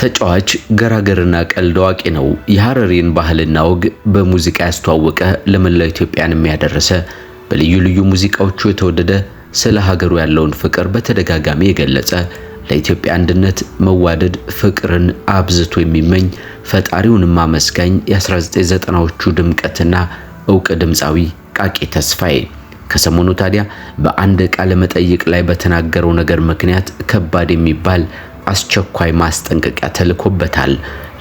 ተጫዋች ገራገርና ቀልድ አዋቂ ነው። የሐረሪን ባህልና ወግ በሙዚቃ ያስተዋወቀ ለመላው ኢትዮጵያን የሚያደረሰ በልዩ ልዩ ሙዚቃዎቹ የተወደደ ስለ ሀገሩ ያለውን ፍቅር በተደጋጋሚ የገለጸ ለኢትዮጵያ አንድነት፣ መዋደድ፣ ፍቅርን አብዝቶ የሚመኝ ፈጣሪውንም አመስጋኝ የ1990ዎቹ ድምቀትና እውቅ ድምፃዊ ቃቂ ተስፋዬ ከሰሞኑ ታዲያ በአንድ ቃለ መጠይቅ ላይ በተናገረው ነገር ምክንያት ከባድ የሚባል አስቸኳይ ማስጠንቀቂያ ተልኮበታል።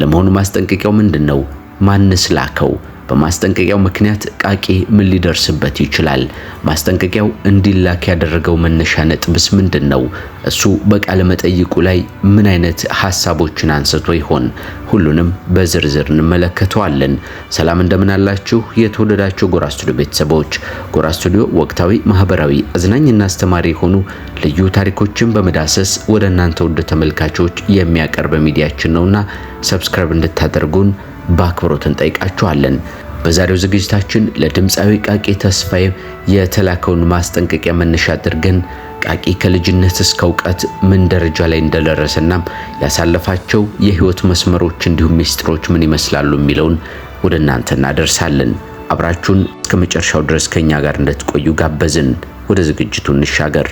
ለመሆኑ ማስጠንቀቂያው ምንድን ነው? ማንስ ላከው? በማስጠንቀቂያው ምክንያት ቃቂ ምን ሊደርስበት ይችላል? ማስጠንቀቂያው እንዲላክ ያደረገው መነሻ ነጥብስ ምንድን ነው? እሱ በቃለ መጠይቁ ላይ ምን አይነት ሀሳቦችን አንስቶ ይሆን? ሁሉንም በዝርዝር እንመለከተዋለን። ሰላም እንደምን አላችሁ የተወደዳችሁ ጎራ ስቱዲዮ ቤተሰቦች። ጎራ ስቱዲዮ ወቅታዊ፣ ማህበራዊ፣ አዝናኝና አስተማሪ የሆኑ ልዩ ታሪኮችን በመዳሰስ ወደ እናንተ ውድ ተመልካቾች የሚያቀርብ ሚዲያችን ነውና ሰብስክራይብ እንድታደርጉን በአክብሮት እንጠይቃችኋለን። በዛሬው ዝግጅታችን ለድምፃዊ ቃቂ ተስፋዬ የተላከውን ማስጠንቀቂያ መነሻ አድርገን ቃቂ ከልጅነት እስከ እውቀት ምን ደረጃ ላይ እንደደረሰና ያሳለፋቸው የህይወት መስመሮች እንዲሁም ሚስጥሮች ምን ይመስላሉ የሚለውን ወደ እናንተ እናደርሳለን። አብራችሁን እስከ መጨረሻው ድረስ ከኛ ጋር እንድትቆዩ ጋበዝን። ወደ ዝግጅቱ እንሻገር።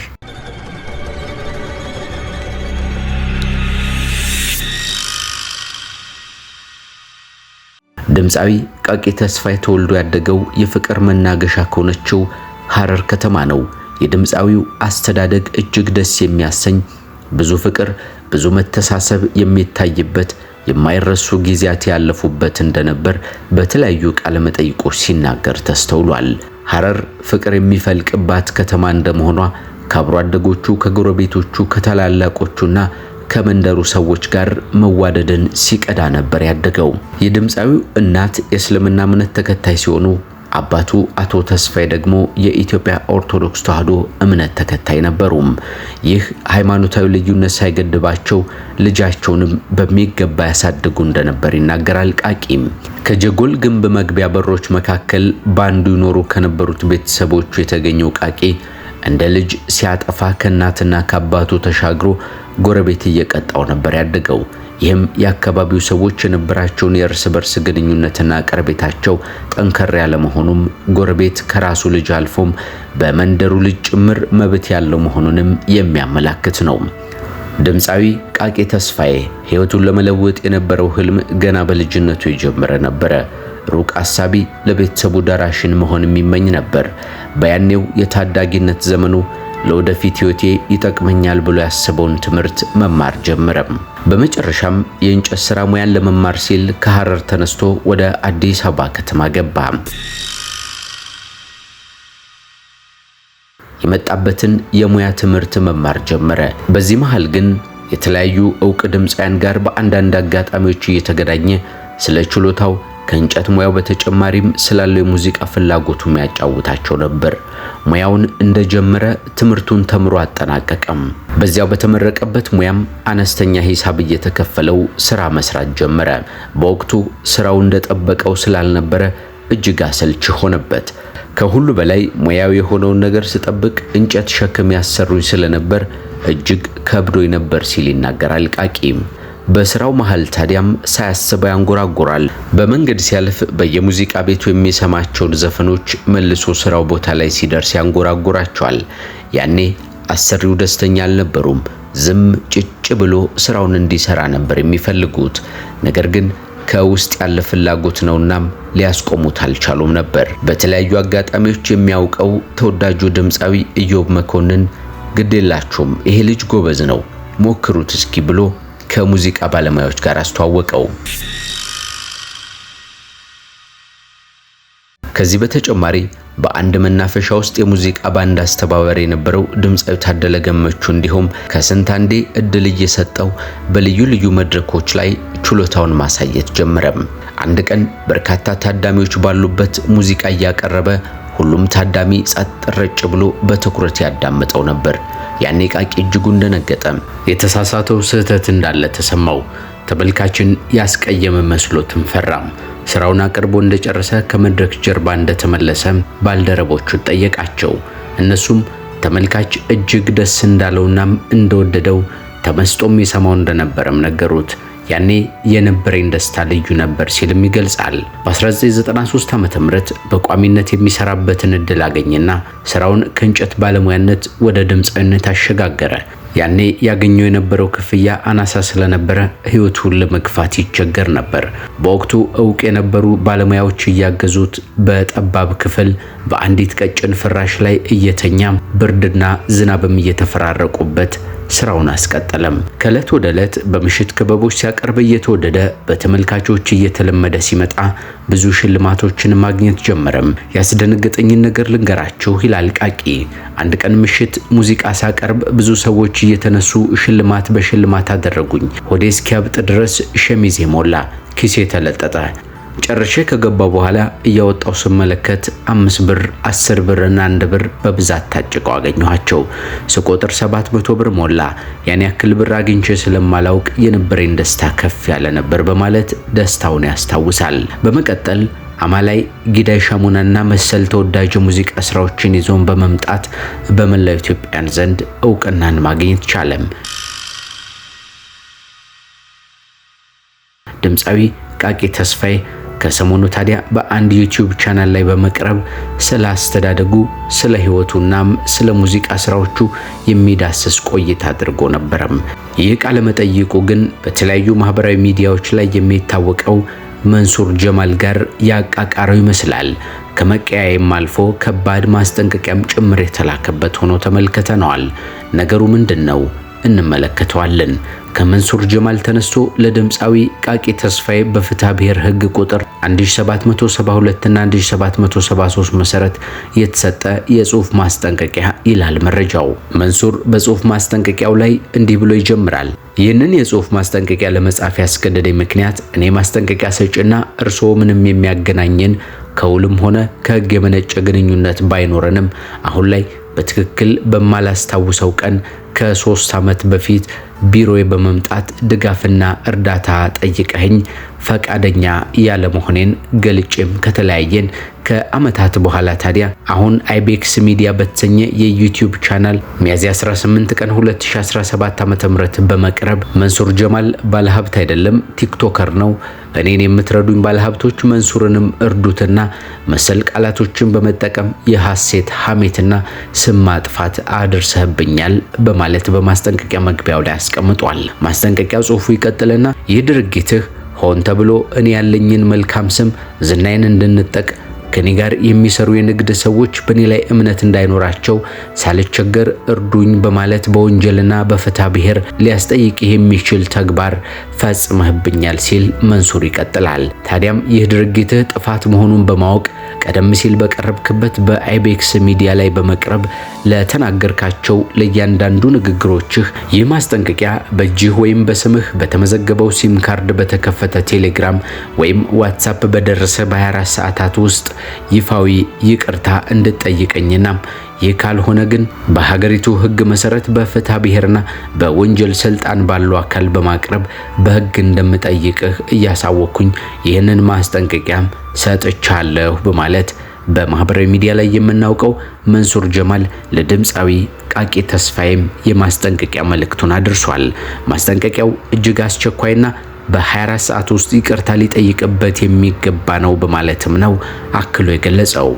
ድምፃዊ ቃቂ ተስፋዬ ተወልዶ ያደገው የፍቅር መናገሻ ከሆነችው ሐረር ከተማ ነው። የድምፃዊው አስተዳደግ እጅግ ደስ የሚያሰኝ ብዙ ፍቅር፣ ብዙ መተሳሰብ የሚታይበት የማይረሱ ጊዜያት ያለፉበት እንደነበር በተለያዩ ቃለ መጠይቆች ሲናገር ተስተውሏል። ሐረር ፍቅር የሚፈልቅባት ከተማ እንደመሆኗ ከአብሮ አደጎቹ፣ ከጎረቤቶቹ፣ ከታላላቆቹና ከመንደሩ ሰዎች ጋር መዋደድን ሲቀዳ ነበር ያደገው። የድምፃዊው እናት የእስልምና እምነት ተከታይ ሲሆኑ አባቱ አቶ ተስፋዬ ደግሞ የኢትዮጵያ ኦርቶዶክስ ተዋሕዶ እምነት ተከታይ ነበሩም። ይህ ሃይማኖታዊ ልዩነት ሳይገድባቸው ልጃቸውንም በሚገባ ያሳድጉ እንደነበር ይናገራል ቃቂም። ከጀጎል ግንብ መግቢያ በሮች መካከል በአንዱ ይኖሩ ከነበሩት ቤተሰቦቹ የተገኘው ቃቂ እንደ ልጅ ሲያጠፋ ከእናትና ከአባቱ ተሻግሮ ጎረቤት እየቀጣው ነበር ያደገው። ይህም የአካባቢው ሰዎች የነበራቸውን የእርስ በርስ ግንኙነትና ቀርቤታቸው ጠንከር ያለ መሆኑም ጎረቤት ከራሱ ልጅ አልፎም በመንደሩ ልጅ ጭምር መብት ያለው መሆኑንም የሚያመላክት ነው። ድምፃዊ ቃቄ ተስፋዬ ሕይወቱን ለመለወጥ የነበረው ህልም ገና በልጅነቱ የጀመረ ነበረ። ሩቅ አሳቢ፣ ለቤተሰቡ ደራሽን መሆን የሚመኝ ነበር። በያኔው የታዳጊነት ዘመኑ ለወደፊት ህይወቴ ይጠቅመኛል ብሎ ያስበውን ትምህርት መማር ጀመረም። በመጨረሻም የእንጨት ስራ ሙያን ለመማር ሲል ከሐረር ተነስቶ ወደ አዲስ አበባ ከተማ ገባ። የመጣበትን የሙያ ትምህርት መማር ጀመረ። በዚህ መሃል ግን የተለያዩ እውቅ ድምፃውያን ጋር በአንዳንድ አጋጣሚዎች እየተገናኘ ስለ ችሎታው ከእንጨት ሙያው በተጨማሪም ስላለው የሙዚቃ ፍላጎቱም ያጫውታቸው ነበር። ሙያውን እንደጀመረ ትምህርቱን ተምሮ አጠናቀቀም። በዚያው በተመረቀበት ሙያም አነስተኛ ሂሳብ እየተከፈለው ስራ መስራት ጀመረ። በወቅቱ ስራው እንደጠበቀው ስላልነበረ እጅግ አሰልች ሆነበት። ከሁሉ በላይ ሙያዊ የሆነውን ነገር ስጠብቅ እንጨት ሸክም ያሰሩኝ ስለነበር እጅግ ከብዶኝ ነበር ሲል ይናገራል ቃቂም። በስራው መሃል ታዲያም ሳያስበው ያንጎራጉራል። በመንገድ ሲያልፍ በየሙዚቃ ቤቱ የሚሰማቸውን ዘፈኖች መልሶ ስራው ቦታ ላይ ሲደርስ ያንጎራጉራቸዋል። ያኔ አሰሪው ደስተኛ አልነበሩም። ዝም ጭጭ ብሎ ስራውን እንዲሰራ ነበር የሚፈልጉት። ነገር ግን ከውስጥ ያለ ፍላጎት ነውናም ሊያስቆሙት አልቻሉም ነበር። በተለያዩ አጋጣሚዎች የሚያውቀው ተወዳጁ ድምፃዊ ኢዮብ መኮንን ግድ የላችሁም ይሄ ልጅ ጎበዝ ነው ሞክሩት እስኪ ብሎ ከሙዚቃ ባለሙያዎች ጋር አስተዋወቀው። ከዚህ በተጨማሪ በአንድ መናፈሻ ውስጥ የሙዚቃ ባንድ አስተባባሪ የነበረው ድምፃዊ ታደለ ገመቹ እንዲሁም ከስንት አንዴ እድል እየሰጠው በልዩ ልዩ መድረኮች ላይ ችሎታውን ማሳየት ጀመረም። አንድ ቀን በርካታ ታዳሚዎች ባሉበት ሙዚቃ እያቀረበ ሁሉም ታዳሚ ጸጥ ረጭ ብሎ በትኩረት ያዳምጠው ነበር። ያኔ ቃቂ እጅጉን ደነገጠ። የተሳሳተው ስህተት እንዳለ ተሰማው። ተመልካችን ያስቀየመ መስሎትም ፈራም። ስራውን አቅርቦ እንደጨረሰ ከመድረክ ጀርባ እንደተመለሰ ባልደረቦቹ ጠየቃቸው። እነሱም ተመልካች እጅግ ደስ እንዳለውናም እንደወደደው ተመስጦም የሰማው እንደነበረም ነገሩት። ያኔ የነበረኝ ደስታ ልዩ ነበር ሲልም ይገልጻል። በ1993 ዓ ም በቋሚነት የሚሰራበትን እድል አገኘና ስራውን ከእንጨት ባለሙያነት ወደ ድምፃዊነት አሸጋገረ። ያኔ ያገኘው የነበረው ክፍያ አናሳ ስለነበረ ህይወቱን ለመግፋት ይቸገር ነበር። በወቅቱ እውቅ የነበሩ ባለሙያዎች እያገዙት በጠባብ ክፍል በአንዲት ቀጭን ፍራሽ ላይ እየተኛም ብርድና ዝናብም እየተፈራረቁበት ስራውን አስቀጠለም። ከእለት ወደ ዕለት በምሽት ክበቦች ሲያቀርብ እየተወደደ በተመልካቾች እየተለመደ ሲመጣ ብዙ ሽልማቶችን ማግኘት ጀመረም። ያስደነገጠኝን ነገር ልንገራችሁ ይላል ቃቂ። አንድ ቀን ምሽት ሙዚቃ ሳቀርብ ብዙ ሰዎች እየተነሱ ሽልማት በሽልማት አደረጉኝ። ሆዴ እስኪያብጥ ድረስ ሸሚዜ ሞላ፣ ኪሴ ተለጠጠ። ጨርሼ ከገባ በኋላ እያወጣው ስመለከት አምስት ብር አስር ብር እና አንድ ብር በብዛት ታጭቀው አገኘኋቸው። ስቆጥር ሰባት መቶ ብር ሞላ። ያን ያክል ብር አግኝቼ ስለማላውቅ የነበረኝ ደስታ ከፍ ያለ ነበር በማለት ደስታውን ያስታውሳል። በመቀጠል አማላይ ጊዳይ ሻሙናና መሰል ተወዳጅ ሙዚቃ ስራዎችን ይዞን በመምጣት በመላው ኢትዮጵያን ዘንድ እውቅናን ማግኘት ቻለም። ድምፃዊ ቃቂ ተስፋዬ ከሰሞኑ ታዲያ በአንድ ዩቲዩብ ቻናል ላይ በመቅረብ ስለ አስተዳደጉ፣ ስለ ህይወቱናም ስለ ሙዚቃ ስራዎቹ የሚዳስስ ቆይታ አድርጎ ነበረም። ይህ ቃለ መጠይቁ ግን በተለያዩ ማህበራዊ ሚዲያዎች ላይ የሚታወቀው መንሱር ጀማል ጋር ያቃቃረው ይመስላል። ከመቀያየም አልፎ ከባድ ማስጠንቀቂያም ጭምር የተላከበት ሆኖ ተመልክተነዋል። ነገሩ ምንድን ነው? እንመለከተዋለን። ከመንሱር ጀማል ተነስቶ ለድምፃዊ ቃቂ ተስፋዬ በፍትሐ ብሔር ሕግ ቁጥር 1772 ና 1773 መሰረት የተሰጠ የጽሁፍ ማስጠንቀቂያ ይላል መረጃው። መንሱር በጽሁፍ ማስጠንቀቂያው ላይ እንዲህ ብሎ ይጀምራል። ይህንን የጽሁፍ ማስጠንቀቂያ ለመጻፍ ያስገደደኝ ምክንያት እኔ ማስጠንቀቂያ ሰጪና እርስዎ ምንም የሚያገናኘን ከውልም ሆነ ከሕግ የመነጨ ግንኙነት ባይኖረንም አሁን ላይ በትክክል በማላስታውሰው ቀን ከሶስት ዓመት በፊት ቢሮዬ በመምጣት ድጋፍና እርዳታ ጠይቀኝ ፈቃደኛ ያለመሆኔን ገልጬም ከተለያየን ከአመታት በኋላ ታዲያ አሁን አይቤክስ ሚዲያ በተሰኘ የዩቲዩብ ቻናል ሚያዝያ 18 ቀን 2017 ም በመቅረብ መንሱር ጀማል ባለሀብት አይደለም ቲክቶከር ነው እኔን የምትረዱኝ ባለሀብቶች መንሱርንም እርዱትና መሰል ቃላቶችን በመጠቀም የሐሴት ሐሜትና ስም ማጥፋት አድርሰህብኛል በማለት በማስጠንቀቂያ መግቢያው ላይ አስቀምጧል። ማስጠንቀቂያ ጽሑፉ ይቀጥልና ይህ ድርጊትህ ሆን ተብሎ እኔ ያለኝን መልካም ስም ዝናዬን እንድንጠቅ ከኔ ጋር የሚሰሩ የንግድ ሰዎች በእኔ ላይ እምነት እንዳይኖራቸው ሳልቸገር እርዱኝ በማለት በወንጀልና በፍትሐ ብሔር ሊያስጠይቅህ የሚችል ተግባር ፈጽመህብኛል ሲል መንሱር ይቀጥላል። ታዲያም ይህ ድርጊትህ ጥፋት መሆኑን በማወቅ ቀደም ሲል በቀረብክበት በአይቤክስ ሚዲያ ላይ በመቅረብ ለተናገርካቸው ለእያንዳንዱ ንግግሮችህ ይህ ማስጠንቀቂያ በእጅህ ወይም በስምህ በተመዘገበው ሲም ካርድ በተከፈተ ቴሌግራም ወይም ዋትሳፕ በደረሰ በ24 ሰዓታት ውስጥ ይፋዊ ይቅርታ እንድጠይቀኝና ይህ ካልሆነ ግን በሀገሪቱ ሕግ መሰረት በፍትሐ ብሔርና በወንጀል ስልጣን ባለው አካል በማቅረብ በሕግ እንደምጠይቅህ እያሳወቅኩኝ ይህንን ማስጠንቀቂያም ሰጥቻለሁ በማለት በማህበራዊ ሚዲያ ላይ የምናውቀው መንሱር ጀማል ለድምፃዊ ቃቂ ተስፋዬም የማስጠንቀቂያ መልእክቱን አድርሷል። ማስጠንቀቂያው እጅግ አስቸኳይና በ24 ሰዓት ውስጥ ይቅርታ ሊጠይቅበት የሚገባ ነው በማለትም ነው አክሎ የገለጸው።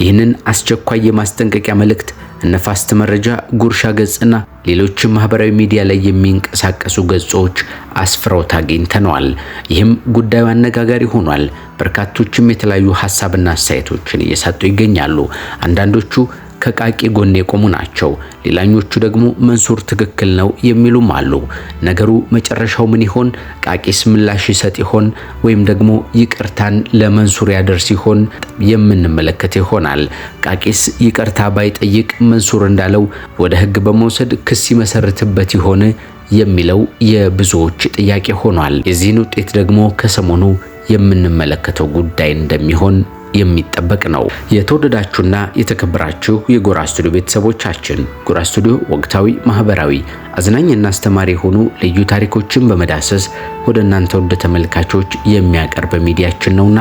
ይህንን አስቸኳይ የማስጠንቀቂያ መልእክት እነፋስት መረጃ፣ ጉርሻ ገጽና ሌሎችም ማህበራዊ ሚዲያ ላይ የሚንቀሳቀሱ ገጾች አስፍረው ታግኝተነዋል። ይህም ጉዳዩ አነጋጋሪ ሆኗል። በርካቶችም የተለያዩ ሀሳብና አስተያየቶችን እየሰጡ ይገኛሉ። አንዳንዶቹ ከቃቂ ጎን የቆሙ ናቸው። ሌላኞቹ ደግሞ መንሱር ትክክል ነው የሚሉም አሉ። ነገሩ መጨረሻው ምን ይሆን? ቃቂስ ምላሽ ይሰጥ ይሆን? ወይም ደግሞ ይቅርታን ለመንሱር ያደርስ ይሆን? የምንመለከት ይሆናል። ቃቂስ ይቅርታ ባይጠይቅ መንሱር እንዳለው ወደ ህግ በመውሰድ ክስ ይመሰርትበት ይሆን የሚለው የብዙዎች ጥያቄ ሆኗል። የዚህን ውጤት ደግሞ ከሰሞኑ የምንመለከተው ጉዳይ እንደሚሆን የሚጠበቅ ነው። የተወደዳችሁና የተከበራችሁ የጎራ ስቱዲዮ ቤተሰቦቻችን ጎራ ስቱዲዮ ወቅታዊ፣ ማህበራዊ፣ አዝናኝና አስተማሪ የሆኑ ልዩ ታሪኮችን በመዳሰስ ወደ እናንተ ወደ ተመልካቾች የሚያቀርብ ሚዲያችን ነውና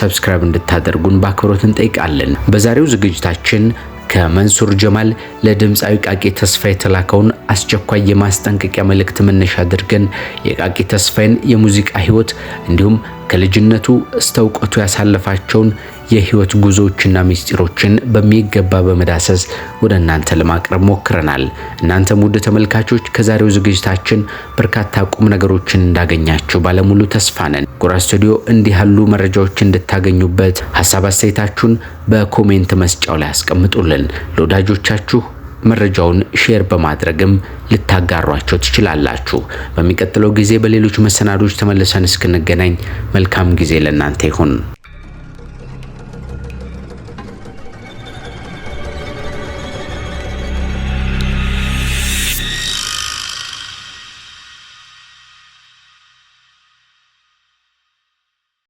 ሰብስክራይብ እንድታደርጉን በአክብሮት እንጠይቃለን። በዛሬው ዝግጅታችን ከመንሱር ጀማል ለድምፃዊ ቃቂ ተስፋ የተላከውን አስቸኳይ የማስጠንቀቂያ መልእክት መነሻ አድርገን የቃቂ ተስፋዬን የሙዚቃ ህይወት እንዲሁም ከልጅነቱ እስተ እውቀቱ ያሳለፋቸውን የህይወት ጉዞዎችና ሚስጢሮችን በሚገባ በመዳሰስ ወደ እናንተ ለማቅረብ ሞክረናል። እናንተም ውድ ተመልካቾች ከዛሬው ዝግጅታችን በርካታ ቁም ነገሮችን እንዳገኛችሁ ባለሙሉ ተስፋ ነን። ጎራ ስቱዲዮ እንዲህ ያሉ መረጃዎች እንድታገኙበት ሀሳብ አስተያየታችሁን በኮሜንት መስጫው ላይ አስቀምጡልን። ለወዳጆቻችሁ መረጃውን ሼር በማድረግም ልታጋሯቸው ትችላላችሁ። በሚቀጥለው ጊዜ በሌሎች መሰናዶች ተመልሰን እስክንገናኝ መልካም ጊዜ ለእናንተ ይሁን።